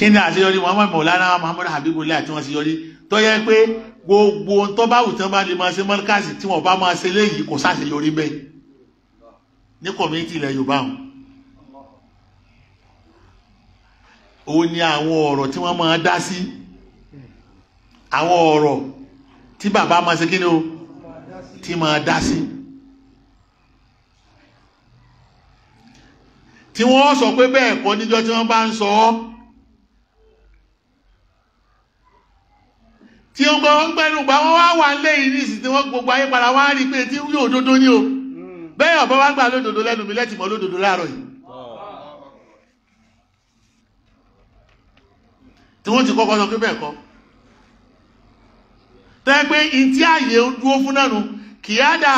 kí ni àṣeyọrí muhammed mọ̀lára muhammed habibullah tí wọ́n ṣe yọrí tó yẹ pé gbogbo tó bá wù tí wọ́n bá lè máa ṣe mọ́ríkàsì tí wọ́n bá máa ṣe léyìí kò sáṣeyọrí bẹ́ẹ̀ ní kọ̀míntì ilẹ̀ yorùbá wọn. òun ni àwọn ọ̀rọ̀ tí wọ́n máa dá sí àwọn ọ̀rọ̀ tí bàbá máa ṣe kí ni o tí máa dá sí. tí wọ́n sọ pé bẹ́ẹ̀ kọ́ níjọ́ tí wọ́n bá ń sọ ọ́. tí ó gbọ́ wọ́n gbẹ́nu gbà wọ́n wá wà lé ìrísì tí wọ́n gbogbo ayé padà wá rí pé tí yóò dodo ní o bẹ́ẹ̀ ọ̀bọ̀ wá gbà lódodo lẹ́nu mi lẹ́tìmọ̀ lódodo láàárọ̀ yìí tí wọ́n ti kọ́kọ́ sọ pé bẹ́ẹ̀ kọ́ tẹ́ pé ìtí àyè dúó fún náà nù kìyàdà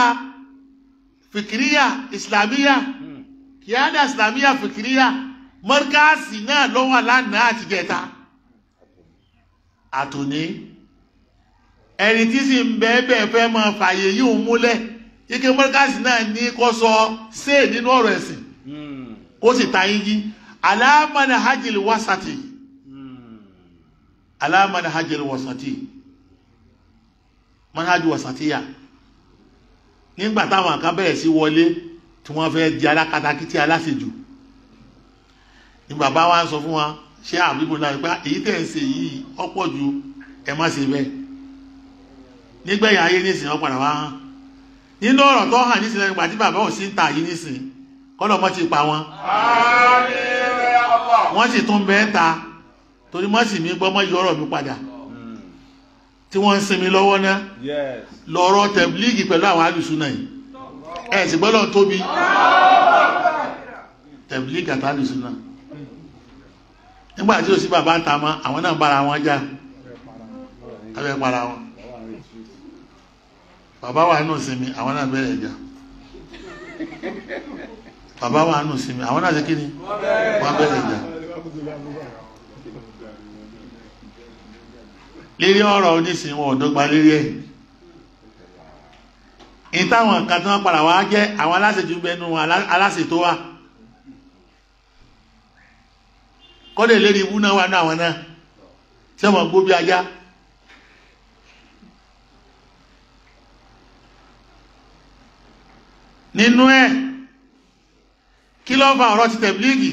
fìkìríyà ìsìlàmíyà kìyàdà ìsìlàmíyà fìkìríyà mọ́rkáàsì náà lọ́wọ́ lánàá àtijẹ́ta àtòní ẹni tí sì ń bẹ́ẹ̀ bẹ́ẹ̀ máa fààyè yìí ike mọ́ríkàsì náà ní kó sọ ṣé nínú ọ̀rọ̀ kó sì ta yín jí aláàmàlà hajjil wasati aláàmàlà hajjil wasati kan bẹ̀rẹ̀ sí wọlé tí wọ́n di aláṣejù ni bàbá wa ń sọ fún wa ṣé àbíbò náà pé ah, èyí tẹ̀ ń ṣe ọ̀pọ̀ ju ẹ má ṣe bẹ́ẹ̀. nígbẹ̀yìn ayé nísìn ọ wá hàn nínú ọ̀rọ̀ tó hàn nísìn lẹ́nu pàtí bàbá òsì ń ta yìí nísìn kọ́nà mọ́ ti pa wọn. wọ́n sì tún bẹ́ẹ̀ ta torí mọ́ sì mí gbọ́ mọ́ yọ ọ̀rọ̀ mi padà tí wọ́n ń sinmi lọ́wọ́ náà lọ́rọ̀ tẹ̀blígì pẹ̀lú àwọn alùsùnà yìí ẹ̀ sì gbọ́dọ̀ tóbi tẹ̀blígì àti alùsùnà nígbà tí òsì bàbá ń ta mọ́ àwọn náà bára wọn já abẹ́ para wọn bàbá wa nù sinmi àwọn náà bẹ̀rẹ̀ ẹ̀jà bàbá wa nù sinmi àwọn náà ṣe kí ni wọ́n bẹ̀rẹ̀ ẹ̀jà. lérí ọ̀rọ̀ onísìn wọn ò dọ́gba lérí ẹ̀ ìtàwọn nǹkan tí wọ́n padà wá jẹ́ àwọn aláṣejù bẹnu aláṣetó wa kọ́dẹ̀ lérí ibú náà wà ní àwọn náà tí wọ́n gbó bí ajá. nínú ẹ̀ kí ló fa ọ̀rọ̀ ti tẹ̀blígì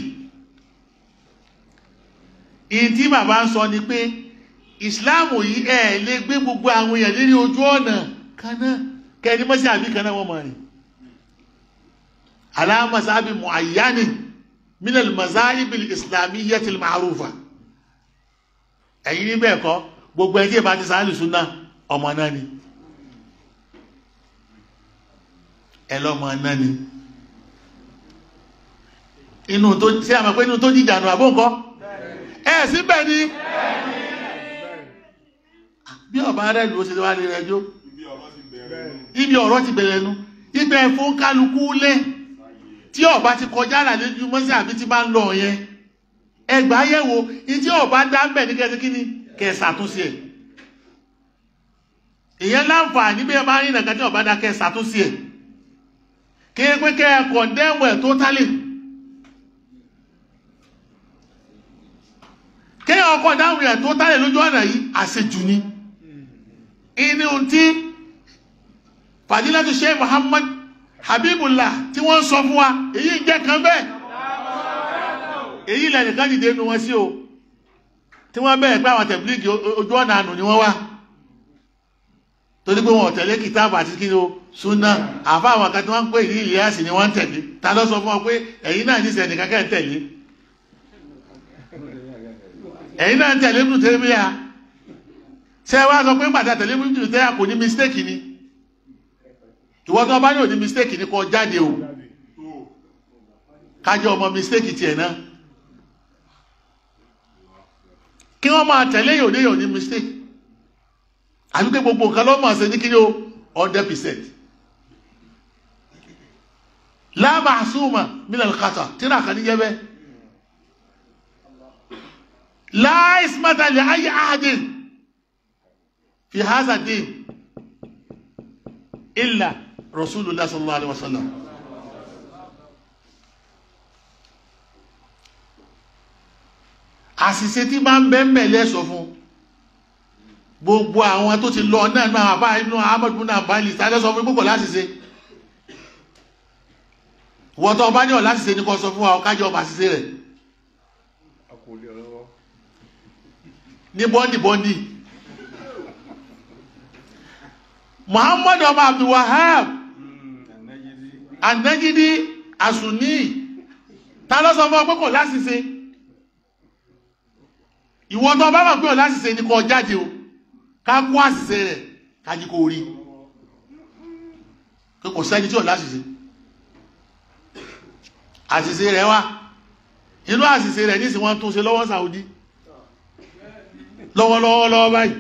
ìyìn tí bàbá ń sọ ni pé ìsìláàmù yìí ẹ̀ lè gbé gbogbo àwọn èèyàn lérí ojú ọ̀nà kanáà kẹni mọ́sí àbí kanáà wọ́n mọ̀ rìn aláàmàsáàbí mu'ayyani minal mazahib al-islamiyyatil ma'rufa ẹ̀yìn níbẹ̀ kọ́ gbogbo ẹ̀ tí ìbá ti sáàlì súnná ọmọ náà ni ẹ lọ́mọ náà ni inú tó ṣe àmọ́ pé inú tó jíjà nù àbó nǹkan ẹ síbẹ̀ ni bí ọba rẹ̀ ló ṣe wá lè rẹjọ́ ibi ọ̀rọ̀ ti bẹ̀rẹ̀ nu ibẹ̀ fún kálukú lẹ̀ tí ọba ti kọjá àlà lójú mọ́sí àbí ti máa ń lọ yẹn ẹgbà yẹ̀wò ìdí ọba dá ń bẹ̀ ní kẹsí kíní kẹsàtúnṣe ẹ̀ ìyẹn láǹfààní bí ẹ bá rí nàkàtí ọba dá kẹsàtúnṣe ẹ̀ kí é pé kẹ́ẹ̀kọ̀ dẹ́wẹ̀ totally kí ọkọ̀ dáhùn rẹ̀ totally lójú ọ̀nà yìí àṣejù ni inú tí fàdílẹ́tù Sheikh Muhammad Habibullah tí wọ́n sọ fún wa èyí jẹ́ kan bẹ́ẹ̀ èyí lẹ́nìkan dìde nu wọn sí o tí wọ́n bẹ̀rẹ̀ pé àwọn tẹ̀blíkì ojú ọ̀nà ànù ni wọ́n wá torí pé wọn tẹ̀lé kìtáàbù àti kí ló súnà àfa àwọn kan tí wọ́n ń pè ní ìlíàsì ni wọ́n ń tẹ̀lé ta ló sọ fún ọ pé ẹ̀yin náà ní sẹ̀nì kankan tẹ̀lé ẹ̀yin náà ń tẹ̀lé ibùdó tẹ́lẹ̀míyà ṣé ẹ wá sọ pé gbàdá tẹ̀lé ibùdó tẹ́lẹ̀míyà kò ní mistake ni ìwọ tó bá ní òní mistake ni kò jáde o kájọ ọmọ mistake tiẹ̀ náà kí wọ́n máa tẹ̀lé yòó ní yòó ní mistake àti pé gbogbo nǹkan lọ́mọ àṣẹ ní kí ni o hundred percent láàmà àṣùmà mílíọ̀nù kàtà tíra kan ní yẹ́bẹ́ láìsímátà lè ayé àádín fi haza dín illa rasulullah sallallahu alaihi wasallam àṣìṣe tí máa ń bẹ́ẹ̀ mẹ́lẹ́ sọ fún un gbogbo àwọn tó ti lọ náà náà àbá inú ahmed bin abali sáré sọ fún púpọ̀ láti ṣe wọ́n tó ọba ní ọ̀ láti ṣe ní kó sọ fún wa ọ̀kájọ ọba ṣiṣẹ́ rẹ̀ ní bọ́ndìbọ́ndì muhammad ọba abdulwahab anagidi asuni ta ló sọ fún ọ pé kò láti ṣe ìwọ́n tó ọba mọ̀ pé ọ̀ láti ṣe ní kó jáde o ká kó àṣìṣe rẹ̀ ká jí kó rí pé kò sẹ́ni tí ò láṣìṣe àṣìṣe rẹ̀ wá inú àṣìṣe rẹ̀ nísìn wọ́n tún ṣe lọ́wọ́ Saudi lọ́wọ́lọ́wọ́ lọ́wọ́ báyìí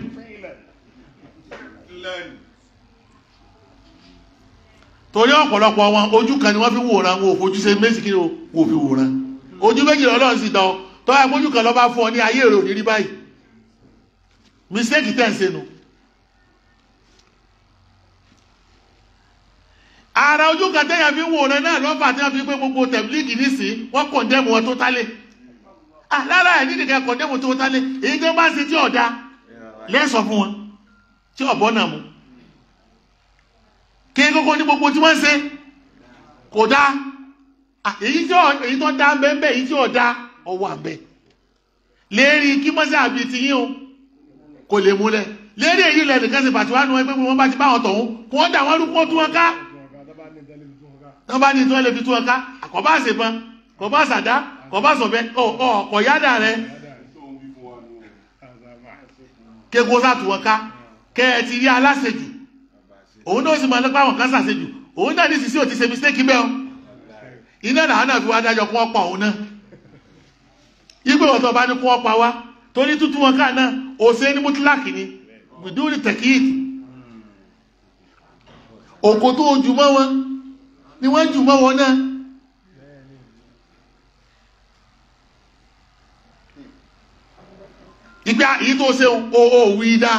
torí ọ̀pọ̀lọpọ̀ wọn ojú kan ni wọ́n fi wòran wọn ò fojú ṣe méjì kí ni wọ́n fi wòran ojú méjì lọ́lọ́run sì dán tọ́ ẹ̀ mójú kan lọ́ bá fún ọ ní ayé èrò nírí báyìí mistake ten se no ara ojú kan fi wò náà lọ́fà tí wọ́n fi pé gbogbo tẹ̀blíìkì nísìn wọ́n kọ̀ndẹ́mù wọn tó tálẹ̀ lára ẹ̀ nídìí kọ̀ndẹ́mù tó tálẹ̀ èyí tó bá ṣe tí ọ̀dà lẹ́sọ̀ fún wọn tí ọ̀bọ̀ náà mú kí kókó ní gbogbo tí wọ́n ṣe kò dá èyí tó ti yín kò lè múlẹ̀ lérí èyí lẹ̀ nìkan ṣe fàtiwá nu wọn pé wọn bá ti bá wọn tọ̀hún kò wọ́n dà wọ́n rú kó tú wọn ká wọ́n bá ní tí wọ́n lè fi tú wọn ká àkọ́bá àṣepọn kọ́bá àṣàdá kọ́bá àṣọ̀bẹ ọ̀kọ̀ yádà rẹ kéko sàtú wọn ká kẹ́ ẹ ti rí aláṣejù òun náà sì máa lọ́pàá wọn kan ṣàṣejù òun náà ní sísí ò ti ṣe mistake bẹ́ẹ̀ o iná làwọn náà fi wá dájọ́ kó wọ́n pa òun náà igbó wọn tó bá ní kó wọ́n pa torí tútù wọn káà náà òsè ní mútíláàkì ni gbìdúrì tẹ̀kíìtì òkò tó jù wọn ni wọ́n jù mọ́ wọn náà ìgbà èyí tó ṣe òwú ìdá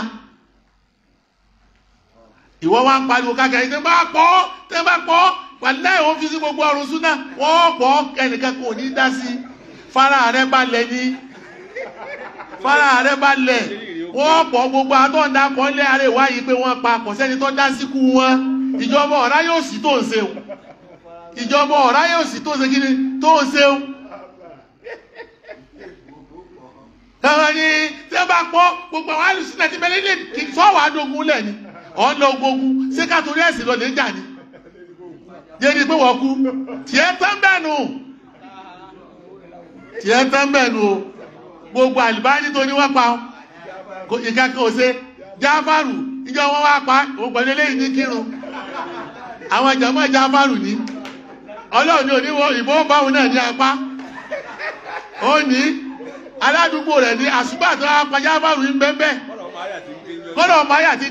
ìwọ wá ń pariwo káàkiri tẹ́ bá pọ̀ tẹ́ bá pọ̀ wàlẹ́ ìwọ́n fi sí gbogbo ọrùn súná wọ́n pọ̀ ẹnìkan kò ní dá sí fara rẹ balẹ̀ ní fara rẹ bá lẹ̀ wọ́n pọ̀ gbogbo àtọ́ǹda kan lé ara ìwáyìí pé wọ́n pa kò sẹ́ni tó dá síkú wọn ìjọba ọ̀rá yóò sì tó ń ṣe o ìjọba ọ̀rá yóò sì tó ń ṣe kí ni tó ń ṣe o. tọ́wọ́ ni tí wọ́n bá pọ́ gbogbo àwọn àlùsí náà ti bẹ̀rẹ̀ lé kí sọ́wọ́ adógun lẹ̀ ni ọ̀n lọ gbógun ṣé ká torí ẹ̀sìn lọ lè jà ni. yé ni pé wọ́n kú tiẹ̀ tán bẹ́ẹ̀ nù tiẹ̀ tán bẹ́ẹ̀ nù o. gbogbo àlìbáyé tó ní wọ́n pa ọ́ ìkẹ́kẹ́ òṣè jáfàrù ìjọ wọn wá pa òun pẹ̀lú ní kírun àwọn ìjàmọ́ jáfàrù ní ọlọ́run ní oníwọ̀ ìbò náà ní apá ó ní aládùúgbò rẹ̀ ní àṣùgbà tó jáfàrù ń bẹ́ẹ̀ àti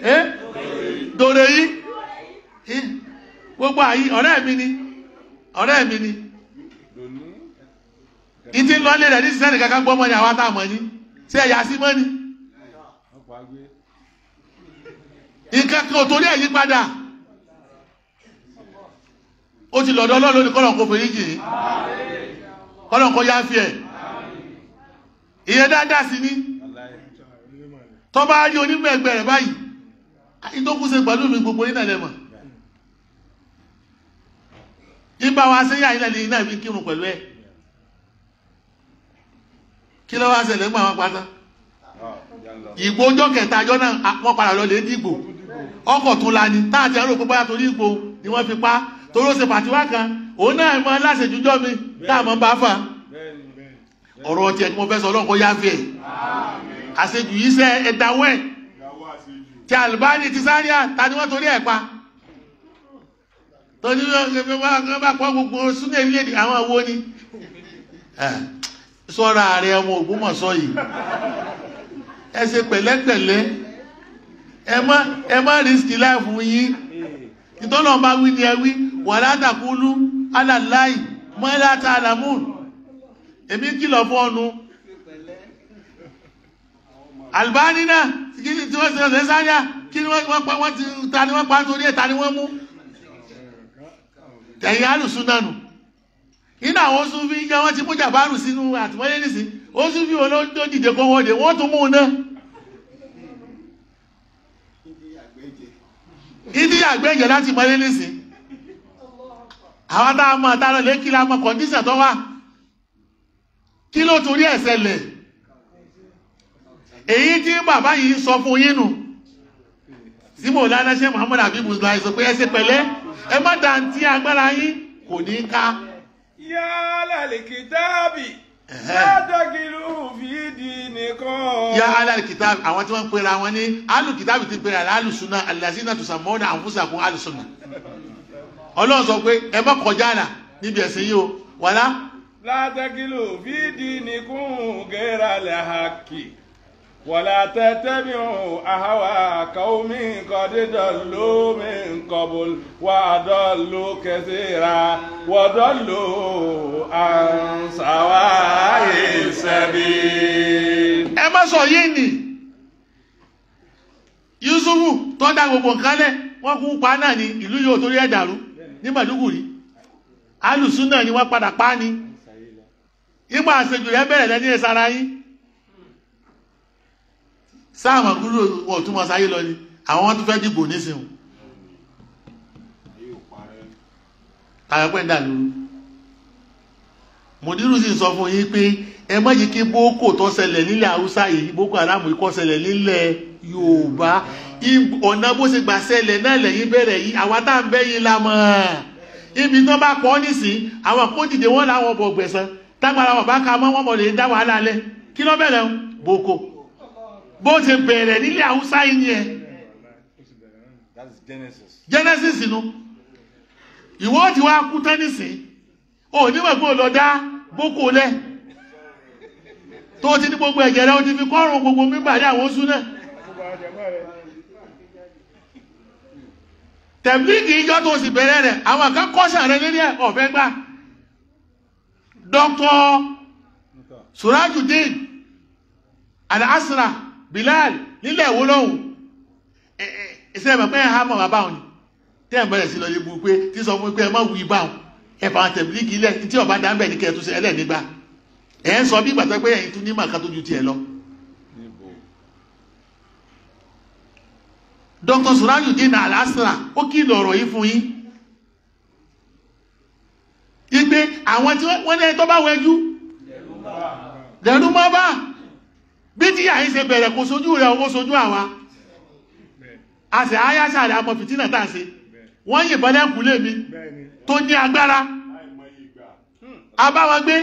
dòrè yi, gbogbo ayi, ọ̀rẹ́ mi ni ọ̀rẹ́ mi ni ìtí ń lọlé rẹ̀ ní sísẹ́nì kankan gbọ́mọ ni ni ṣé ẹ̀yà sí ni nǹkan kan ò torí ẹ̀ ó ti ọlọ́run ní kó kó yá fi ẹ̀ ìyẹn ni tọ́ba ayé onímọ̀ ẹgbẹ́ rẹ̀ báyìí. ìtókùnse pẹ̀lú mi gbogbo yínà lẹ́mọ̀ ìbá wa sí yà ilẹ̀ ní iná ìbí kírun pẹ̀lú ẹ̀ kí ló wá ṣẹlẹ̀ gbà wọn pátá ìgbó ọjọ́ kẹta ajọ́ náà wọ́n padà lọ lè dìgbò ọkọ̀ tún la ni táàtì ẹ̀rọ pípa yàtọ̀ ní ìgbò ni wọ́n fi pa torí ó ṣe pàtíwá kan òun náà mọ aláṣẹ mi táàmọ́ bá fà ọ̀rọ̀ ọ̀tí kí mo fẹ́ sọ ọlọ́run kó yá fi àṣejù yìí sẹ́ ẹ̀dáwọ́ ti Albani ti Zaria ta ni wọ́n torí ẹ̀ pa torí wọ́n bá pọ́ gbogbo súnà ilé ni àwọn wo ni sọ́ra ààrẹ ọmọ Ògbómọ̀ṣọ́ yìí ẹ ṣe pẹ̀lẹ́pẹ̀lẹ́ ẹ má ẹ má rìsíkì láìfún yín ìtọ́nà bá wí ni ẹ wí wàlá tàkúlú alàláì mọ́lá tààlàmù èmi kìlọ̀ fún ọnu Albani náà kí ni tí wọ́n ti rẹ̀ sáyà kí ni wọ́n pa wọ́n ti ta ni wọ́n pa nítorí ẹ̀ ta ni wọ́n mú tẹ̀yìn alùsùn náà nù nínú àwọn oṣù fi jẹ́ wọ́n ti mú jàbárù sínú àtìmọ́lé nìsín oṣù fi wọn ló dìde kó wọ́n dé wọ́n tún mú un náà. ìdí àgbẹ̀jẹ̀ láti mọ́lé nìsín àwọn táwọn mọ̀ táwọn lè kí la mọ̀ kọ̀ndíṣàn tó wà kí ló torí ẹ̀ ṣẹlẹ̀ èyí tí bàbá yìí sọ fún yín nù tí mo lánàá ṣe Muhammad Abi Musla sọ pé ẹ ṣe pẹ̀lẹ́ ẹ má dantí agbára yín kò ní ká. yá lálẹ́kìtáàbì látàkìlú fìdí nìkan. yá alálẹ́kìtáàbì àwọn tí wọ́n ń pera wọn ní alùkìtáàbì ti pera alùsùnà alàzínà tùsàmọ́nà àǹfùsàkùn alùsùnà ọlọ́run sọ pé ẹ má kọjá àlà níbi ẹ̀sìn yìí o wàlá. látàkìlú fìdí nìkan gẹ́rà lẹ́hàkì. ولا تتبعوا أهواء قوم قد ضلوا من قبل وأضلوا كثيرا وضلوا عن سواء السبيل. ẹ má sọ yìí nì Yusufu tó dá gbogbo nǹkan lẹ̀ wọ́n kú pa náà ni ìlú yóò torí ẹ̀ dàrú ní Maiduguri alùsùn náà ni wọ́n padà pa ni ìgbà àṣejù rẹ̀ bẹ̀rẹ̀ lẹ́ni ẹ̀ sára yín sáàmù gúrò wọn tún mọ sáyé lọ ni àwọn wọn tún fẹ́ dìbò nísìnyí tàbí pẹ́ ń dà lóru mòdírù sì sọ fún yín pé ẹ má yìí kí boko tó ṣẹlẹ̀ nílẹ̀ haúsá yìí boko haram kó ṣẹlẹ̀ nílẹ̀ yorùbá ọ̀nà bó ṣe gbà ṣẹlẹ̀ náà lẹ́yìn bẹ̀rẹ̀ yìí àwa tá à ń bẹ́ yín la mọ̀ ibi tó bá pọ̀ nísìn àwọn kó wọn làwọn bọ̀ gbẹ̀sán tágbára wọn bá ka mọ́ wọn bọ̀ lè dá wàhálà lẹ kí ló bẹ̀rẹ̀ boko. bó ṣe bẹ̀rẹ̀ nílé haúsá yìí genesis nu ìwọ ti wá kú tán nísìn o pé lọ dá lẹ̀ tó ti ní gbogbo ẹ̀jẹ̀ rẹ o ti fi kọ́rùn gbogbo mígbà ní àwọn oṣù náà tẹ̀blíkì ìjọ tó sì bẹ̀rẹ̀ rẹ̀ àwọn kọ́ṣà rẹ asra Bilal nílẹ̀ wo lọ́hùn e ẹ̀mọ̀ pé ẹ̀ hámọ̀ bàbá òun tẹ́ ẹ̀ bẹ̀rẹ̀ sí lọ yẹ bu pé tí sọ fún pé wù ọba dá ń bẹ̀ ní kẹ́ ẹ̀ tún nígbà ẹ̀ ń sọ bí ìgbà pé ẹ̀yin tún ní màkà tó lọ. ó yìí fún yín yí pé àwọn tí wọ́n ní bí tí yà ń ṣe bẹ̀rẹ̀ kò sojú rẹ̀ ó sojú àwa a sì ayáṣà rẹ̀ àmọ́ fìtínà tàà sí wọ́n yìnbọn lẹ́kùnlé mi tó ní agbára abáwọn gbé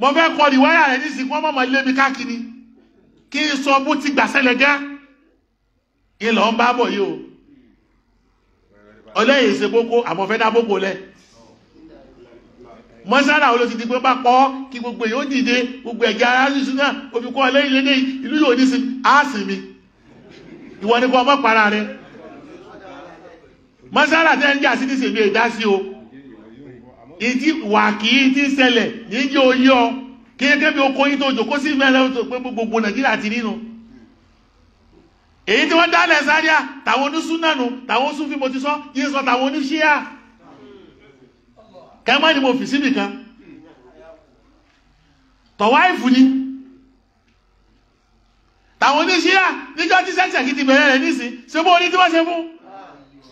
mo fẹ́ kọ́ ní wáyà rẹ̀ nísìnyí wọ́n mọ̀mọ́ ilé mi káàkiri kí n sọ bó ti gbàsẹ́lẹ̀ gá ilọ̀ ń bá bọ̀ yìí o ọlẹ́yìn ṣe boko àmọ́ fẹ́ dá boko lẹ́ẹ̀ mọ́sálà olóòtú ti pé bá pọ́ kí gbogbo èyí ó dìde gbogbo ẹ̀jẹ̀ ara ṣíṣú náà omi kọ́ ilé ilé ìlú yóò ní sinmi á sinmi ìwọ ni kọ́ ọmọ para rẹ mọ́sálà tẹ́ ń jà sí ní sinmi èdá sí o ìdí wà kí ti ṣẹlẹ̀ níjẹ́ oyé ọ kéèké bí okòó yìí tó jòkó sí mẹ́lẹ́ tó pé gbogbo nàìjíríà ti nínú èyí tí wọ́n dálẹ̀ sáríà tàwọn onísúnà nù tàwọn onísúnfí mo ti sọ yín sọ tàwọn oníṣíà kẹ́mọ́ ni mo fi síbì kan tọ̀wáìfù ni tàwọn oníṣíà níjọ́ tí sẹ́sẹ̀ kìí ti bẹ̀rẹ̀ rẹ̀ nísìn ṣe bó oní tí wọ́n ṣe fún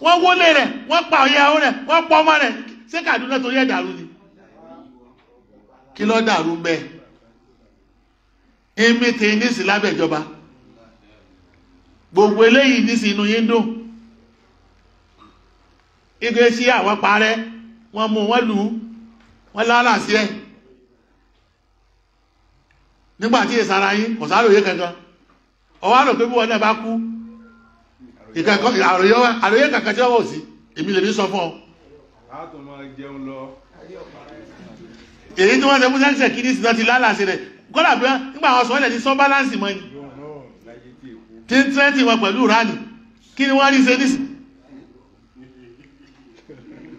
wọ́n wólé rẹ̀ wọ́n pa ìyàwó rẹ̀ wọ́n pọ̀ ọmọ rẹ̀ ṣé Kàdúnà torí ẹ̀ dàrú ni kí ló dàrú bẹ́ẹ̀ èmi tè nísìn lábẹ́ ìjọba gbogbo eléyìí nísìn inú yín dùn ìgbésí àwọn parẹ́ wọ́n mú wọ́n lù wọ́n lálà sí ẹ̀ nígbàtí ìsara yín kò sáré òye kankan ọwọ́ àrò pé bí wọn náà bá kú àròyé kankan tí wọ́n sí èmi lè ní sọ fún ọ. èyí tí wọ́n ṣe fún sẹ́ńsẹ̀ kí ní sinmi ti lálà sí rẹ̀ kọ́lá bí wọ́n nígbà wọn sọ ọ́ lẹ̀ ní sọ báláǹsì mọ́ ni tí ń tẹ́tì wọn pẹ̀lú rani kí ni wọ́n rí ṣe nísìnyí.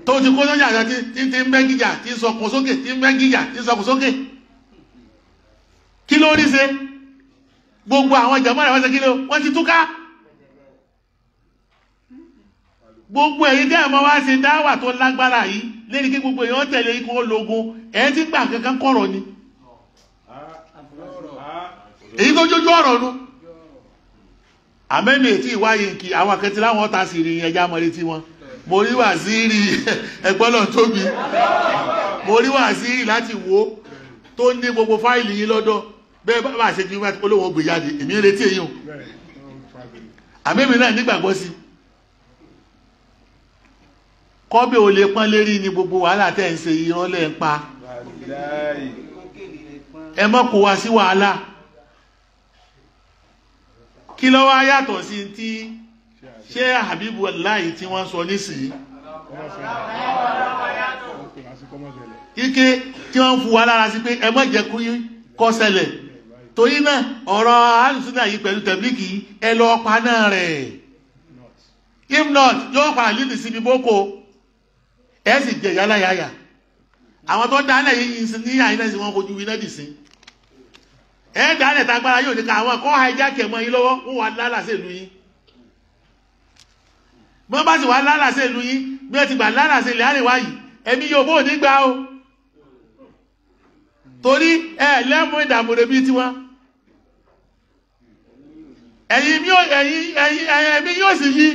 tó ti kó sọ́jà jọ tí ti ń bẹ́ gíjà tí ń sọkùn sókè tí ń bẹ́ tí ń kí ló rí gbogbo àwọn jàmọ́ rẹ̀ wọ́n ṣe kí ló wọ́n ti túká gbogbo ẹ̀yin tẹ́ ẹ̀mọ́ wá ṣe dáwà tó lágbára yìí lẹ́ni kí gbogbo èèyàn tẹ̀lé ikú ológun ẹ̀ ti gbà kankan kọ̀rọ̀ ni èyí tó jójú ọ̀rọ̀ nu ètí ìwáyé kí àwọn láwọn ọ̀tá sì rí ẹja mo rí wàzírì ẹgbọ́n náà tóbi mo rí wàzírì láti wo tó ní gbogbo fáìlì yín lọ́dọ̀ bẹ́ẹ̀ bá bá ṣe ju wá olówó ògbè jáde èmi ń retí èyí o àmì èmi náà nígbàgbọ́ sí kọ́bẹ̀ ò lè pọ́n lérí ni gbogbo wàhálà tẹ́ ń ṣe irọ́ ń pa ẹ mọ́ kó wa sí wàhálà kí ló wá yàtọ̀ sí ti ṣé Habibu Wallahi tí wọ́n sọ nísìnyí ike tí wọ́n fún wa lára sí pé ẹ má jẹ́ kó kó ṣẹlẹ̀ torí náà ọ̀rọ̀ alùsùnà yìí pẹ̀lú tẹ̀blíkì ẹ lọ paná rẹ̀ if not yóò padà lídì síbi boko ẹ sì jẹ yálàyàyà àwọn tó dáná yìí ní àyínà sí wọn kojú iná dì sí ẹ dáná ìtagbára yóò ní ká àwọn ẹ̀kọ́ hijack ẹ̀mọ́ yín lọ́wọ́ wọn wà lálàsẹ̀ ìlú yín bọ́n bá sì wá lálàsẹ̀ ìlú yín bí wọ́n ti gbà lálàsẹ̀ ilẹ̀ àríwá yìí ẹ̀mí yóò bó ní gbà o torí ẹ lẹ́mú ìdààmú rẹ̀ bíi tiwọn ẹ̀yin ẹ̀mí yóò sì yí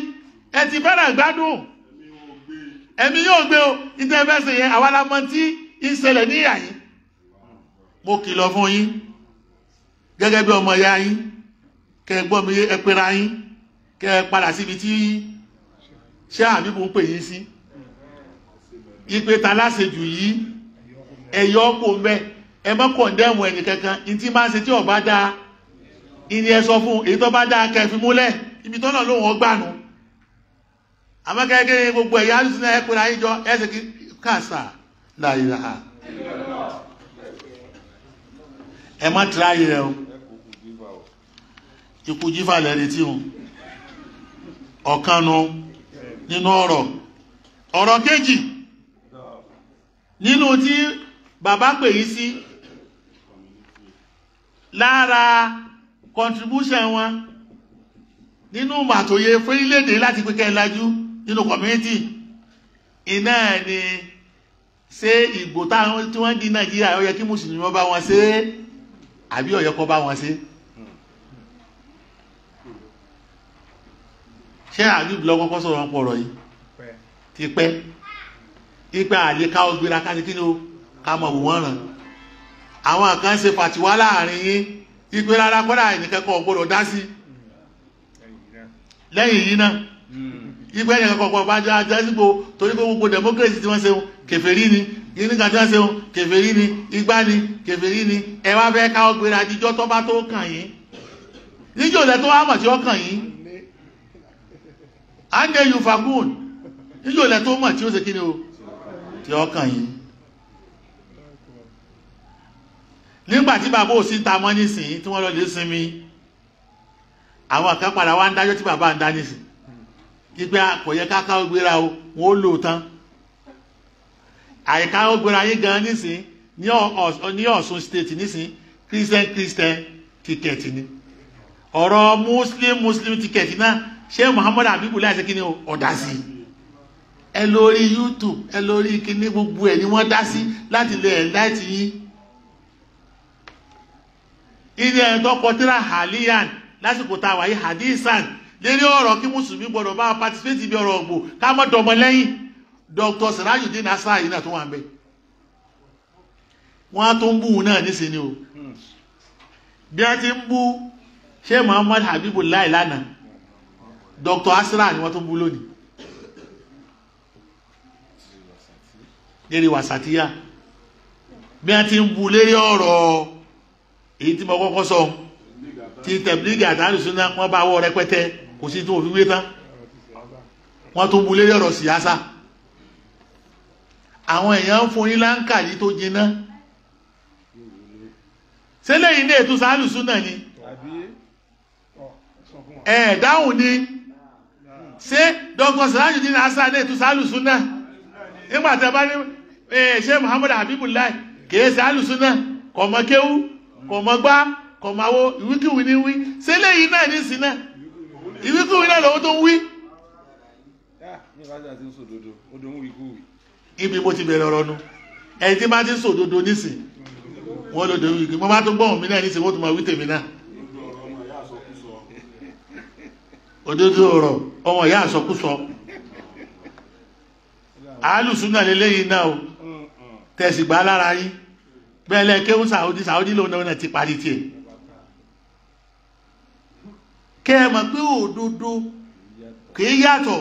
ẹ ti fẹ́ràn gbádùn ẹ̀mí yóò gbé o ìtẹ́fẹ́sẹ̀ yẹn àwa la mọ̀ tí ìṣẹ̀lẹ̀ níyà yìí mo kìlọ̀ fún yín gẹ́gẹ́ bí ọmọ ya yín kẹ́ ẹ gbọ́ mi ẹ pera yín kẹ́ padà síbi tí yín ṣé àbíbò ń pè yín sí ipe ta láṣejù yìí ẹ̀yọ́ kò mẹ́ ẹ má kọ̀ndẹ́mù ẹnì kankan ní tí máa ń ṣe tí ọba dáa ìní ẹ sọ fún èyí tó bá dáa kẹfì múlẹ̀ ibi tọ́nà lóhùn ọgbàánu amákẹ́kẹ́ gbogbo ẹ̀yà alùsùn náà ẹ pèrè ayé jọ ẹsẹ̀ kí kàṣà láyìlá ẹ má tẹ̀lé ayé rẹ o ikú jífà lẹ́ni tí o ọ̀kan nu nínú ọ̀rọ̀ ọ̀rọ̀ kejì nínú tí bàbá pè yí sí lára contribution wọn nínú màtòye fórílẹ̀-èdè láti pẹ́kẹ́ lájú nínú community iná ni ṣé ìgbò tí wọ́n di Nàìjíríà ó yẹ kí mùsùlùmí wọ́n bá wọn ṣe àbí ó bá wọn ṣe. ṣé àyùb lọ kọ́kọ́ sọ̀rọ̀ ọ̀pọ̀ ọ̀rọ̀ yìí ti pẹ́ ipa àyíká ògbéra ká ní kí ni ó ká mọ̀ wọ́n ràn àwọn kan ṣe fàtiwá láàrin yín ipe rárá kọ́dà ẹnìkẹ́kọ̀ọ́ gbọ́dọ̀ dá sí lẹ́yìn yìí náà ipe ẹnìkẹ́kọ̀ọ́ gbọ́dọ̀ bá jẹ́ ajásígbò torí pé gbogbo democracy tí wọ́n ṣe kèfèrí ni yínníkà tí wọ́n ṣe kèfèrí ni igbá ni kèfèrí ni ẹ wá fẹ́ ká ògbéra jíjọ́ tó bá tó kàn yín níjọ́ lẹ́ tó wá mọ̀ tí ó kàn yín àndé yufagun níjò ilẹ̀ tó mọ̀ tí ó ṣe kí ni o tí ọkàn yìí nígbàtí bàbá ò sí ta mọ́ nísìnyí tí wọ́n lọ lè sinmi àwọn kan padà wá ń dájọ́ tí bàbá ń dá nísìnyí pípẹ́ kò yẹ káká ó gbéra o wọn ó lò tán àyíká ó gbéra yín gan nísìnyí ní Ọ̀ṣun state christian christian ticket ni ọ̀rọ̀ muslim muslim ticket náà ṣé muhammadu abibu láìsí kí ni ọ̀dá sí ẹ lórí youtube ẹ lórí kíní gbogbo ẹ ni wọ́n dá sí láti lè ẹ̀ láti yín ilé ẹ̀ tọkọtìrà haliyan lásìkò tá a wáyé hadisan lérí ọ̀rọ̀ kí mùsùlùmí gbọ́dọ̀ bá patisipéètì bí ọ̀rọ̀ ọ̀gbò ká mọ́ dọ̀mọ́ lẹ́yìn dr sirajudeen asa yìí náà tó wà ń bẹ wọ́n tó ń bú un náà nísìnyí o bí a ti ń bú ṣé muhammad habibullah lánàá Dr. Asra ni wọ́n tún bú lónìí lérí wàsàtíyà bí wọ́n ti ń bú lérí ọ̀rọ̀ èyí tí mo kọ́kọ́ sọ ti tẹ̀blígì àtàlùsúná wọ́n bá wọ́ rẹpẹtẹ kò sí tó òfin gbé tán wọ́n tún bú lérí ọ̀rọ̀ síyáṣá àwọn èèyàn ń fún yín láǹkà yìí tó jiná ṣé lẹ́yìn ní ètò sàálùsúná ni ẹ̀ dáhùn ni ṣé dọ́gbọ́n sọ́lájú ní nasa ní ètò sálùsúnà nígbàtà bá ní ṣe Muhammad Habibullah kìí sálùsúnà kò mọ̀ kéwú kò mọ̀ gbá kò mọ̀ awo ìwíkíwì ní wí ṣé léyìí náà ní sí náà ìwíkíwì náà lọ́wọ́ tó ń wí. ibi mo ti bẹ̀rẹ̀ ọ̀rọ̀ nu ẹni tí máa ti ń sòdodo nísìn wọ́n lọ́dọ̀ wí mo máa tún gbọ́n mi náà nísìn wọ́n tún máa wí tèmi náà. òdodo ọrọ ọmọ ìyá àsọkúsọ àálùsúnà lélẹ́yìn náà o tẹ̀sí gbà lára yín bẹ́ẹ̀lẹ́ kéhùn sàódì sàódì lòun náà ti parí tiẹ̀ kẹ́ ẹ mọ̀ pé òdodo kìí yàtọ̀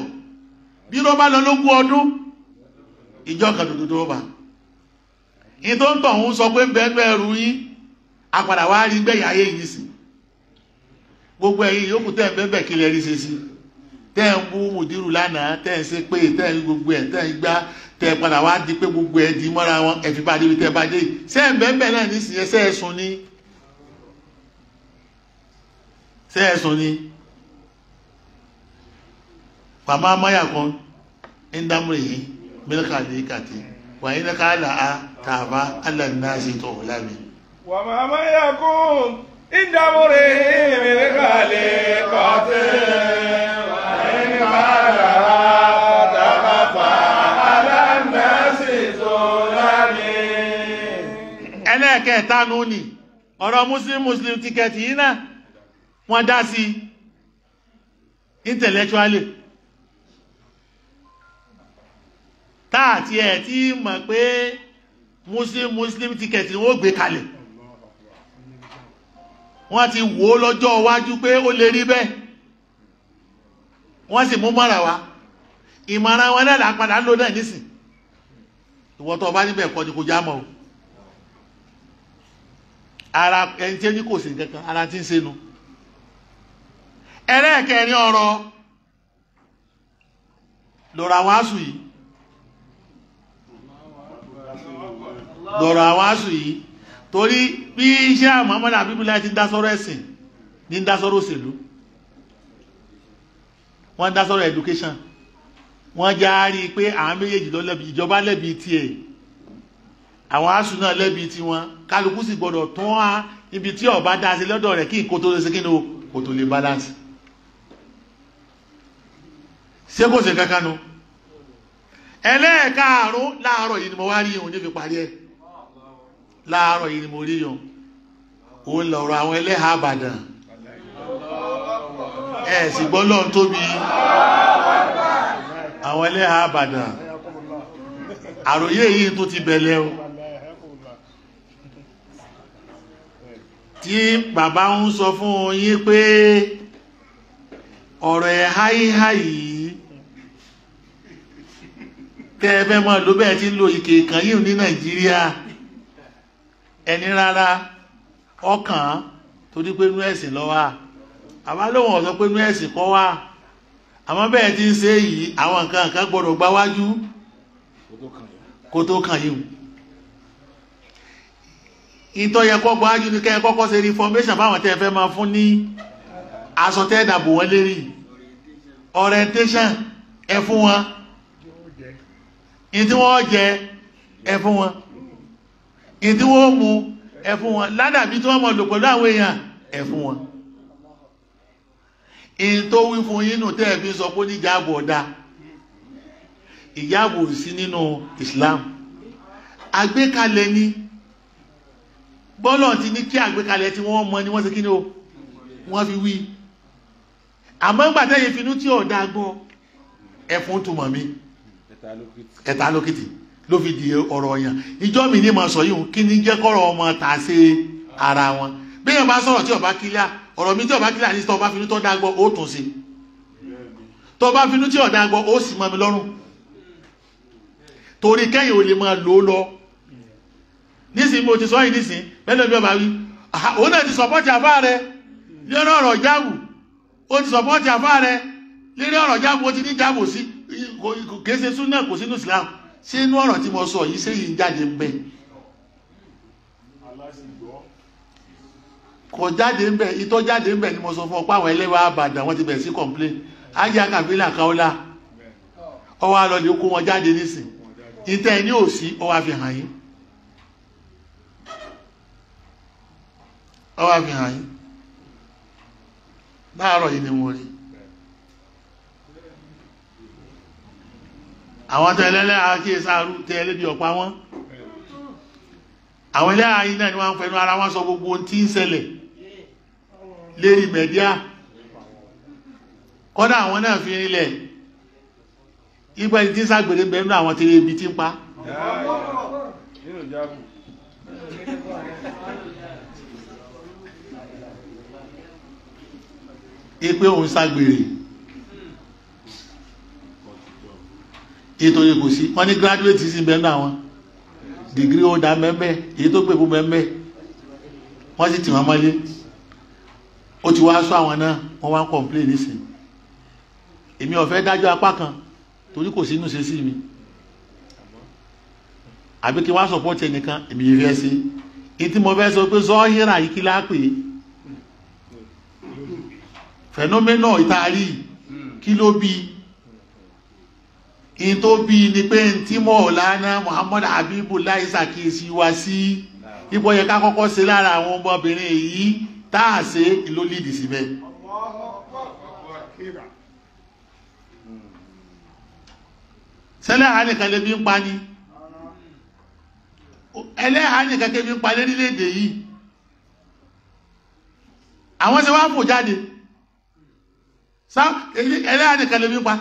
bí ló bá lọ lógún ọdún ìjọ kan òdodo ọba ní tó ń tọ̀ ń sọ pé bẹ́ẹ̀ bẹ́ẹ̀ rú yín rí gbogbo ẹ̀yin yòókù tẹ́ ń bẹ́ẹ̀ bẹ́ẹ̀ kí lè rí ṣe sí tẹ́ ń bú mùdírù lánàá tẹ́ ń ṣe pé tẹ́ ń gbogbo ẹ̀ tẹ́ ń gbá tẹ́ padà wá di pé gbogbo ẹ̀ di mọ́ra wọn ẹ̀fí bá débi tẹ́ bá dé ṣé ń bẹ́ẹ̀ bẹ́ẹ̀ náà nísìnyẹn ṣé ẹ sùn ni ṣé ẹ sùn ni pàmò amáyà kan ń dámúrè yìí mílíkà lè kàtí wàyí ní ká là á tààbà alẹ́ ní náà ṣe tó ọ̀la mi. wàmàmáyà kún ìdámúre ìmìnirẹ́kàlẹ̀ kọ́tẹ́. ẹlẹ́ẹ̀kẹta nù ní ọ̀rọ̀ muslim muslim tíkẹtì yìí náà wọ́n dá sí intellectually táàtì ẹ̀ tí mọ̀ pé muslim muslim tíkẹtì wọ́n gbé kalẹ̀ wọ́n ti wò ó lọ́jọ́ iwájú pé ó lè rí bẹ́ẹ̀ wọ́n sì mú mọ́ra wa ìmọ̀ràn wọn náà lápadà ń lò náà nísìn ìwọ tó bá níbẹ̀ kọ́ ni kò já mọ́ o ara ẹni tí ó ní kò sí nǹkan ara ti ń senu ẹlẹ́ẹ̀kẹrin ọ̀rọ̀ lọ́rọ̀ àwọn asù yìí lọ́rọ̀ àwọn asù yìí torí bí iṣẹ́ àmọ́mọ́lá àbíbílá ti ń dá sọ́rọ̀ ẹ̀sìn ní ń òṣèlú wọ́n ń education wọ́n já rí i pé àwọn méjèèjì ló lẹ́bi ìjọba lẹ́bi tiẹ̀ àwọn asùn náà lẹ́bi tiwọn kálukú sì gbọ́dọ̀ tún wá ibi tí ọba dá sí lọ́dọ̀ rẹ̀ kí nǹkan tó lè ṣe kí ni o tó lè balance ṣé kò ṣe kankan nu ẹlẹ́ẹ̀kaàrún láàárọ̀ yìí ni mo wá rí òun ní fi parí ẹ̀ láàárọ̀ yìí ni mo rí yàn òun lọ̀rọ̀ àwọn ẹlẹ́hà àbàdàn ẹ̀ sì gbọ́ lọ́n tóbi àwọn ẹlẹ́hà àbàdàn àròyé yìí tó ti bẹ̀lẹ̀ o tí bàbá ń sọ fún yín pé ọ̀rọ̀ ẹ̀ háíhá yìí tẹ́ ẹ fẹ́ mọ́ ló bẹ́ẹ̀ ti ń lo ìkè kan yìí ní Nàìjíríà. ẹni rara ọkàn torí pé ẹ̀sìn ló wà àwa lóhùn pé inú ẹ̀sìn kọ́ wà àmọ́ bẹ́ẹ̀ ti ń ṣe yìí àwọn nǹkan nǹkan gbọ́dọ̀ gbá wájú kó tó kàn yìí ìtọ́ yẹ kọ́ ní kẹ́ kọ́kọ́ ṣe tẹ́ fẹ́ máa fún ní aṣọ tẹ́ dàbò wọn lérí ẹ fún ìdí wọ́n mú ẹ fún wọn ládàbí tí wọ́n mọ̀ lò pẹ̀lú àwọn èèyàn ẹ fún wọn in tó wí fún yínú tẹ́ ẹ̀ fi sọ pé ní ọ̀dà ìjábọ̀ sí nínú Islam àgbékalẹ̀ ni bọ́lọ̀ ti ní kí àgbékalẹ̀ tí wọ́n mọ ni wọ́n ṣe kí ni o wọ́n fi wí àmọ́ ń gbàtẹ́ yìí finú tí ọ̀dà gbọ́ ẹ̀fún túmọ̀ mi ẹ̀ta lókìtì ló fi di ọ̀rọ̀ yàn ìjọ mi ní máa sọ yìí kí ni jẹ́ kọ́rọ̀ ọmọ tà sí ara wọn bí yẹn bá sọ̀rọ̀ tí ọba kílíà ọ̀rọ̀ mi tí ọba kílíà ní tọba finú tó dágbọ́ ó tún sí tọba finú tí ọ̀dà gbọ́ ó sì mọ́ mi lọ́rùn torí kẹ́yìn ò lè máa lò ó lọ nísìnyí mo ti sọ yìí nísìnyí bẹ́ẹ̀ ló bí ọba wí òun náà ti sọ̀pọ́tì àbá rẹ lórí ọ̀rọ̀ jáwù ó ti sọ̀pọ́tì àbá rẹ lórí ọ̀rọ̀ jáwù ó ti ní jáwù sí kèése súnà kò sínú Islam si inú ọ̀rọ̀ tí mo sọ yìí yi njade ń jáde ń bẹ kò jáde ń bẹ ìtọ́ jáde ń bẹ ni mo sọ fún ọ pé àwọn àbàdàn wọ́n ti bẹ̀rẹ̀ sí complain ayé akàbílà kaola ọwọ́ alọ́lẹ̀ kó wọn jáde nísìn ìtẹ́ ẹni ò sí ọwọ́ àfihàn yìí ọwọ́ àfihàn yìí láàárọ̀ yìí ni mo rí àwọn tẹ́lẹ́lẹ́ àkíyèsáàrú tẹ́lẹ́ bí ọ̀pá wọn àwọn ilé ayé náà ni wọ́n ń fẹnu ara wọn sọ gbogbo ohun tí ń ṣẹlẹ̀ lérí mẹ́díà kọ́dá àwọn náà fi rinlẹ̀ ipa ẹni tí ń ṣàgbèrè bẹ́ẹ̀ nínú àwọn tẹ́lẹ̀ ibi tí ń pa ipe òun ṣàgbèrè èyí tó yẹ kò sí wọ́n ní graduate sí bẹ́ẹ̀ náà wọn degree holder mẹ́mẹ́ èyí tó gbèbú mẹ́mẹ́ wọ́n sì tì wọ́n mọ́lé ó ti wá sọ àwọn náà wọ́n wá ń complain nísìn èmi ò fẹ́ dájọ́ apá kan torí kò sínú ṣe sí mi àbí kí wọ́n á support ẹnìkan èmi yìí fẹ́ sí èyí tí mo fẹ́ sọ pé zọ́ọ́hìnrà yìí kí lápè fẹ̀nómẹ́nà ìtaari kí ló bíi in tó bí ni pé n tí mọ̀ọ́lánà Muhammad Habibullah ṣàkíyèsí wa sí ipò yẹ ká kọ́kọ́ ṣe lára àwọn ọmọbìnrin yìí tá a ṣe ló lídìí síbẹ̀. sẹ́lẹ̀ àánìkan lè bí ń pa ni ẹlẹ́ àánìkan kẹ́ bí ń pa lórílẹ̀-èdè yìí àwọn ṣe wá fò jáde ẹlẹ́ àánìkan lè bí ń pa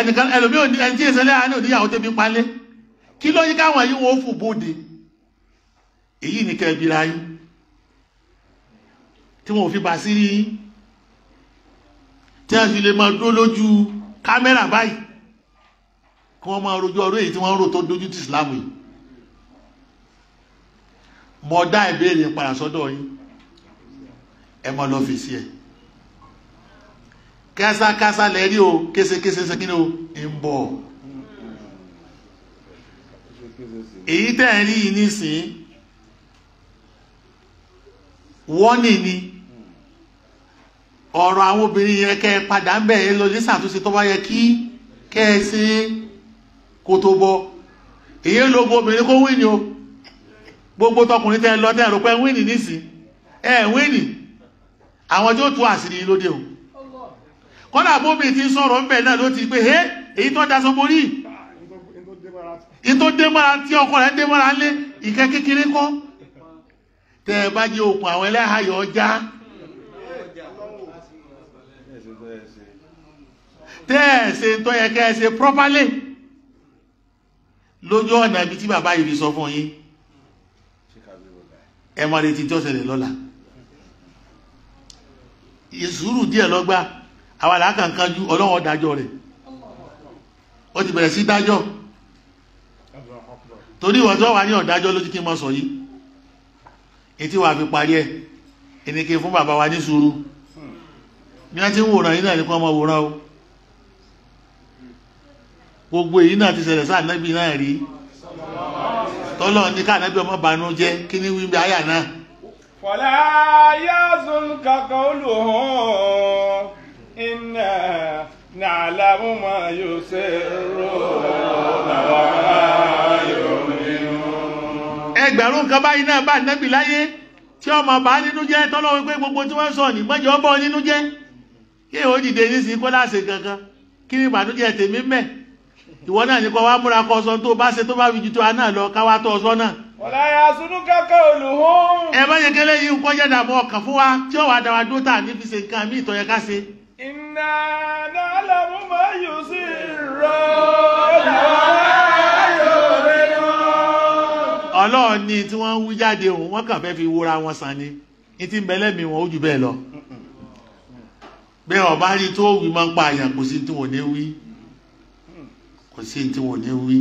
ẹnìkan ẹlòmí ò ní ẹni tí ìṣẹ̀lẹ̀ àárín òníyàwó tẹbi palẹ kí ló yí káwọn yìí wọn ó fò bóde èyí ni kẹbi ra yín tí wọn ò fi bà sí rí yín tí wọn fi lè máa dúró lójú kámẹ́rà báyìí kí wọn máa rojọ́ ọ̀rọ̀ èyí tí wọn ń rò tó dojú ti Islam yìí mo dá ìbéèrè padà sọ́dọ̀ yín ẹ máa lọ fèsì kásákásá lẹ́rí o késekése ṣe kíni o ń bọ̀ èyí tẹ́ ẹ̀ rí wọ́nì ni ọ̀rọ̀ àwọn obìnrin yẹn kẹ́ ẹ padà ń bẹ̀ ẹ lọ nísàtúnṣe tó bá yẹ kí kẹ́ ẹ tó bọ̀ èyí ló gbogbo obìnrin kó wíìnì o gbogbo tọkùnrin tẹ́ ẹ lọ tẹ́ ẹ rò pé wíìnì nísìn ẹ àwọn tí ó tú àṣírí lóde o kọ́lá bóbi ti sọ̀rọ̀ ń bẹ̀ náà ló ti pé hé èyí tó dasọ borí ìtò démọ́ra tí ọkọ rẹ̀ démọ́ra lé ìkẹ́ kékeré kọ́ tẹ́ ẹ bá jẹ òkun àwọn ẹlẹ́hàyọ̀ ọjà tẹ́ ẹ ṣe tó yẹ kẹ́ ẹ ṣe properly lójú ọ̀nà ibi tí bàbá yìí fi sọ fún yín ẹ máa retí tí ó ṣẹlẹ̀ lọ́la ìsúrù díẹ̀ lọ́gbà. àwa là á kàn kan ju ọlọ́wọ́ dájọ́ rẹ̀ ó ti bẹ̀rẹ̀ sí dájọ́ torí ìwọ̀n tó wà ní ọ̀dájọ́ ló ti kí n mọ sọ yìí etí wàá fi parí ẹ̀ Ènìké fún bàbá wa ní sùúrù bí wọ́n ti ń wòran yìí náà ní kí wọ́n wòran o gbogbo èyí náà ti ṣẹlẹ̀ sáà nẹ́bí náà rí tọ́lọ́ ní ká nábì ọmọ bànú jẹ́ kí ni wí àyà náà. fọlá yá zun kàkọ́ olùhàn. إنا نعلم ما يسرون وما يعلنون ẹgbẹ̀rún kan báyìí náà bá nẹ́bì láyé tí ọmọ bá nínú jẹ́ tọ́lọ́wọ́ pé gbogbo tí wọ́n sọ ní mọ́jọ́ bọ́ nínú jẹ́ kí èèyàn ó dìde nísìnyí kó láṣẹ kankan kí ni ìbànújẹ́ tèmi mẹ́ ìwọ náà múra kọ sọ tó bá ṣe tó bá a náà lọ káwá tó ọ̀la ya olùhún. ẹ bá yẹ yìí ń kọjá wa tí ó wàá dúró tà ní fi ṣe iná nálàmú máa yù sí rọ. ọlọ́run ni tí wọ́n ń wú jáde òun wọ́n kàn fẹ́ fi wúra wọn san ni ní ti ń bẹ lẹ́mìí wọn ó jù bẹ́ẹ̀ lọ bí wọn bá rí tó wí máa ń pa àyàn kò sí tí wọn ní wí kò sí tí wọn ní wí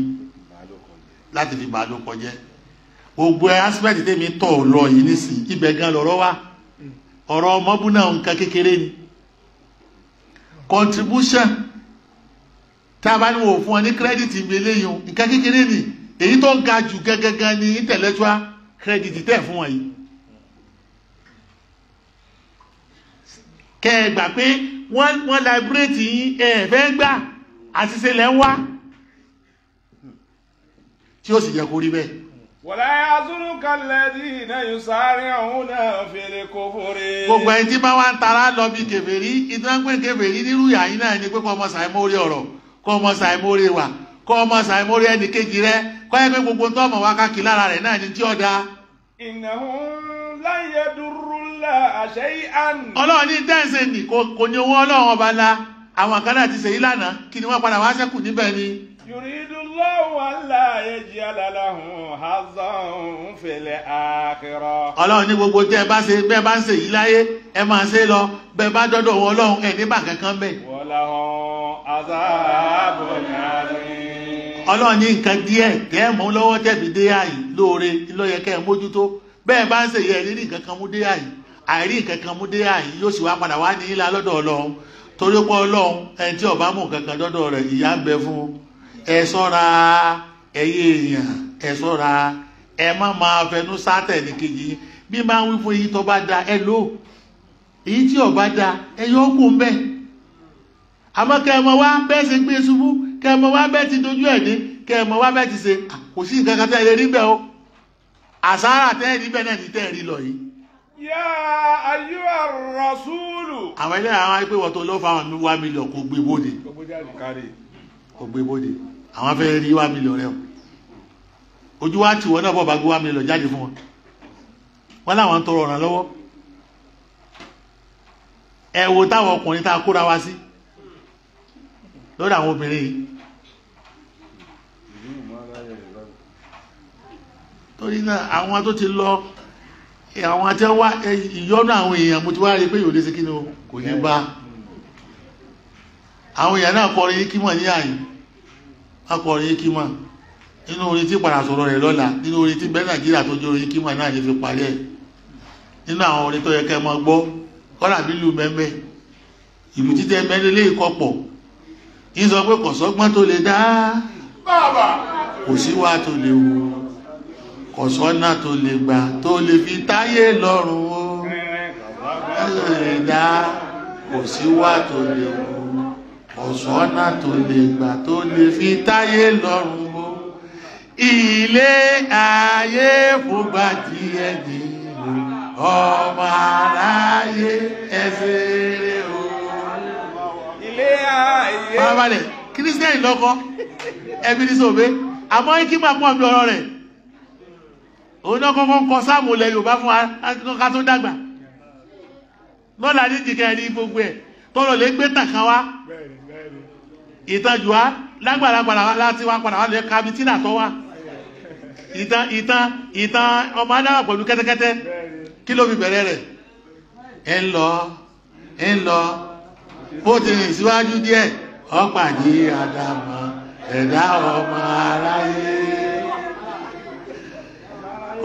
láti fi bàálù kọjẹ gbogbo aspect tèmi tọ̀ lọ yìí nísìnyí ibẹ̀ gan lọ́rọ̀ wa ọ̀rọ̀ ọmọbùnà nǹkan kékeré ni contribution tí a bá ní wò fún ọ ní credit ìgbé eléyìí nǹkan kékeré ni èyí tó ga jù gẹ́gẹ́gẹ́ ní intellectual credit tẹ̀ fún wọn yìí kẹ́ ẹ gbà pé wọ́n wọ́n liberate yín ẹ fẹ́ gbà àṣìṣe lẹ́ ń wá tí ó sì yẹ kó rí bẹ́ẹ̀. wọ́lá zuru kalẹ̀dì iná yusáárín ọ̀hún náà fèrè kò fòrè. gbogbo ẹni tí bá wá ń tara lọ bí kèfèrí ìtàn pé kèfèrí nírú yàyín náà ni pé kọ́ ọmọ sàìmórí ọ̀rọ̀ kọ́ ọmọ sàìmórí wà kọ́ ọmọ sàìmórí rẹ kọ́ ẹ pé gbogbo tó ọmọ la àṣẹ ọlọ́run ní tẹ́sán ni kò ní owó ọlọ́run ọba la àwọn kan ti ṣèyí lánàá يريد الله ألا يجعل لهم حظا في الآخرة. ọlọ́run ní gbogbo tẹ́ ẹ bá ṣe bẹ́ẹ̀ bá ń ṣe yìí láyé ẹ máa ṣe lọ bẹ́ẹ̀ bá dọ́dọ̀ wọn ọlọ́run ẹ̀ nígbà kankan bẹ́ẹ̀. ولهم عذاب أليم. ọlọ́run ní nǹkan díẹ̀ tẹ́ ẹ mọ́ lọ́wọ́ tẹ̀bí dé àyè lóore lọ́yẹ kẹ́ ẹ mójútó bẹ́ẹ̀ bá ṣe yẹ rírí nǹkan kan mú dé àyè àìrí nǹkan kan mú dé àyè yóò sì wá padà wá ní ilá lọ́dọ̀ ọlọ́run torí pé ọlọ́run ẹni tí ó mú nǹkan kan dọ́dọ̀ rẹ̀ ìyà ń bẹ fún un ẹ ṣọ́ra ẹ̀yin èèyàn ẹ ṣọ́ra ẹ má máa fẹnu sátẹ̀ ní kejì yín bí máa ń wí fún èyí tó bá da ẹ lò èyí tí ò bá da ẹ yọ kó ń bẹ̀ àmọ́ kẹ́ ẹ mọ wá bẹ́ẹ̀ ṣe gbé ṣubú kẹ́ ẹ mọ wá bẹ́ẹ̀ ti dojú ẹ̀ ní kẹ́ ẹ mọ wá bẹ́ẹ̀ ti ṣe kò sí nǹkan kan tẹ́ ẹ rí bẹ́ẹ̀ o àsárà tẹ́ ẹ rí bẹ́ẹ̀ náà ní tẹ́ ẹ rí lọ yìí. yá ayé rasúlù. àwọn ẹlẹ́yàá wá pé wọ́n tó lọ́ fáwọn wá mílíọ̀nù kò gbé bóde kò gbé bóde àwọn fẹ́ rí wá mílíọ̀n rẹ o ojú wa tì wọ́n náà bọ̀ bá gbé wá mílíọ̀n jáde fún wọn wọn làwọn ń tọrọ ọ̀ràn lọ́wọ́ ẹ wo táwọn ọkùnrin tá a kóra wa sí lọ́dọ̀ àwọn obìnrin torí náà àwọn tó ti lọ àwọn àti wá ìyọ́nú àwọn èèyàn mo ti wá rí pé yóò lé sí kí ni kò ní bá àwọn èèyàn náà kọrin kí mọ̀ ní àyìn akọrin ikima nínú orin tí padà sọ̀rọ̀ rẹ̀ lọ́la nínú orin tí bẹ́ẹ̀ nàìjíríà tó jẹ́ orin ikima náà ní fi parí nínú àwọn orin tó yẹ kẹ́ mọ gbọ́ kọ́là bílù mẹ́mẹ́ ìlú títẹ́ mẹ́rin lè kọ́ pọ̀ ń sọ pé kọ̀sọ́gbọ́n tó lè dá kò sí síwá tó lè wù kọ̀sọ́nà tó lè gbà tó lè fi táyé lọ́rùn ó lè dá kò síwá tó lè wù. ọ̀ṣọ́nà tó lè gbà tó lè fi táyé lọ́rùn bó ilé ayé fúgbà díẹ̀ ní ọmọ aráyé ẹsẹ̀ rẹ̀ o. ilé ayé. farabalẹ̀ kírísítẹ́nì lọ́kọ́ ẹbí ní sòbe àmọ́ kí máa pọ̀ bí ọ̀rọ̀ rẹ̀ òun náà kọ́kọ́ kọ sáàmù lẹ Yorùbá fún wa ká tó dàgbà lọ́la ní jìkẹ́ ní gbogbo ẹ̀ tọ́lọ̀ lè gbé tàkà wá ìtàn jù á lágbára padà láti wá padà wá lè ka bí tínà tọ́ wa ìtàn ìtàn ìtàn ọmọ adáwà pẹ̀lú kẹ́tẹ́kẹ́tẹ́ kí ló fi bẹ̀rẹ̀ rẹ̀ ẹ ń lọ ẹ ń lọ bó ti rìn síwájú díẹ̀ ọ̀pàdé àdàmà ẹ̀dá ọmọ aráyé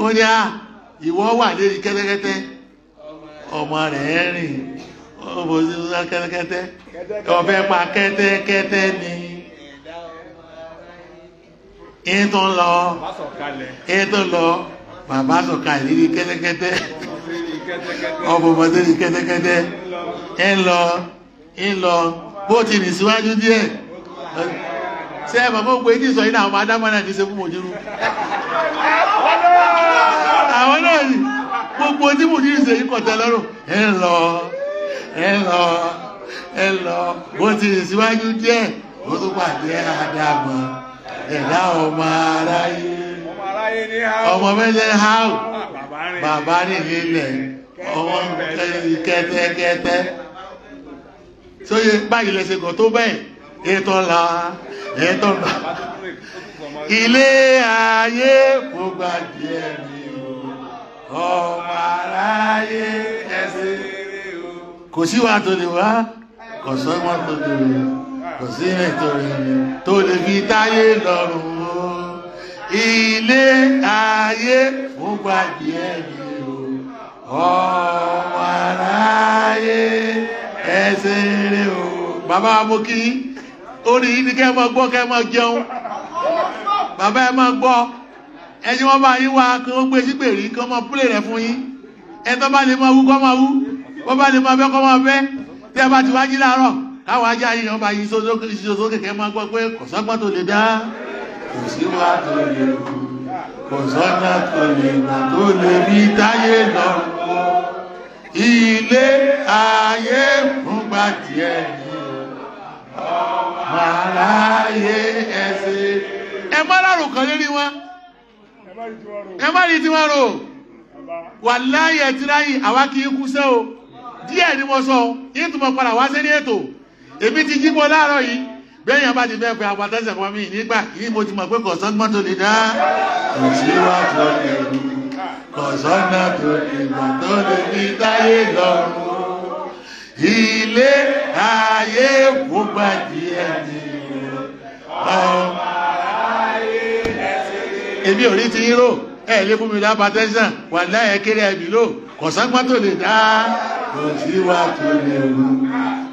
ó ní à ìwọ wà lérí kẹ́tẹ́kẹ́tẹ́ ọmọ rẹ̀ rìn ọmọ sí sá kẹ́tẹ́kẹ́tẹ́ ọ̀fẹ́ pa kẹ́tẹ́kẹ́tẹ́ ni ètò lọ ètò lọ bàbá sọ̀ka ìrírí kẹ́tẹ́kẹ́tẹ́ ọmọ ọmọ sí kẹ́tẹ́kẹ́tẹ́ ẹ lọ ẹ lọ bó ti rìn síwájú díẹ̀ ṣe é bàbá ògbó èjì sọ yìí náà àwọn adámọ́nà kì í ṣe fún mòjúrú àwọn náà ni gbogbo tí mòjúrú ṣe yìí kọ̀tẹ́ lọ́rùn ẹ lọ ẹ lọ ẹ lọ bó ti síwájú díẹ̀ bó tó pàdé àdàmọ̀ ẹ̀dá ọmọ aráyé ọmọ mẹ́lẹ̀ háù ah, bàbá rìn nílẹ̀ ọmọ kẹ́tẹ́kẹ́tẹ́ sóye báyìí lẹ́sẹ̀ kan tó bẹ́ẹ̀ ètò ńlá ètò ńlá ilé ayé mo gbàgbé ẹ̀mí o ọmọ aráyé ẹ̀sìn kò sí wa tó lè wá kò sọ́mọ́ tó lè rẹ̀ kò sí rẹ̀ tó lè rẹ̀ tó lè fi táyé lọ́rùn o ilé ayé fún gbàgbé ẹ̀mí o ọmọ aráyé ẹsẹ̀ rẹ o. bàbá mo kí orí yìí ni kẹ́ ẹ máa gbọ́ kẹ́ ẹ máa jẹun bàbá ẹ máa gbọ́ ẹni wọ́n bá yín wá kí wọ́n gbé sígbèrí kí wọ́n máa pílè rẹ̀ fún yín ẹ tó bá lè máa wú kó máa wú bó bá lè máa fẹ́ kọ́ máa fẹ́ tí ẹ bá ti wájú láàárọ̀ káwọn ajá yìí ọba yìí sọ sókè sí sókè kẹ́ máa gbọ́ pé kò sọ́gbà tó lè dá kò sí wá tó lè kú kò sọ́gbà tó lè nà tó lè rí táyé lọ ilé ayé fúngbà díẹ̀ màláyé ẹsẹ̀. ẹ má rárò kan lérí wọn ẹ má rí tiwọn rò wàláyé ẹ ti àwa kì í kú sẹ́ díẹ̀ ni mo sọ yín tó mọ padà wá sí ní ètò èmi ti jí mo láàárọ̀ yìí bẹ́ẹ̀yàn bá ti bẹ́ẹ̀ pé àpàtẹ́sẹ̀ kan mi nígbà yìí mo ti mọ̀ pé kọ̀sọ́gbọ́n tó lè dá. kò wá tó lè rú kọ̀sọ́nà tó lè mọ̀ tó lè fi táyé lọ́rùn ilé ayé kó gbàdí ẹni èmi ò rí ti yín rò ẹ̀ lé fún mi lápàtẹ́sẹ̀ wà láyé kéré ẹ̀mí lò kọ̀sọ́gbọ́n tó lè dá kò sí wa tó lè wù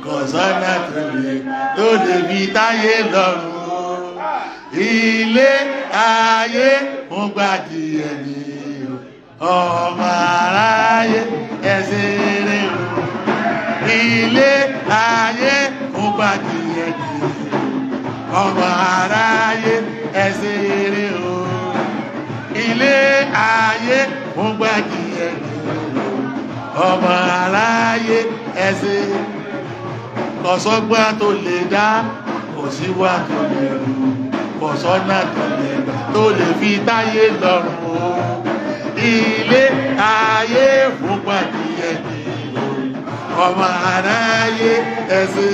kò sọ́nà tó lè tó lè fi táyé lọ́rùn ilé ayé mo gbàdí ẹni ọmọ aráyé ẹsẹ̀ rẹ̀ ilé ayé mo gbàdí ẹni ọmọ aráyé ẹsẹ̀ rẹ̀ ilé ayé mo gbàdí ọmọ aláyé ẹsẹ̀ kọ̀sọ́gbọ́n tó lè dá kò sí wá tó lè rú kọ̀sọ́nà tó lè gbà tó lè fi táyé lọ́rùn o ilé ayé fún pàdéyẹ ni ọmọ aláyé ẹsẹ̀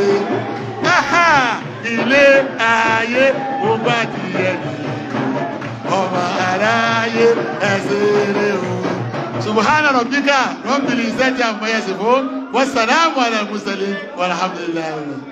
ilé ayé fún pàdéyẹ ni ọmọ aláyé ẹsẹ̀ rẹ̀ o subhana rabbika rabbil izzati amma yasifun wa salamun ala al-mursalin walhamdulillahi rabbil alamin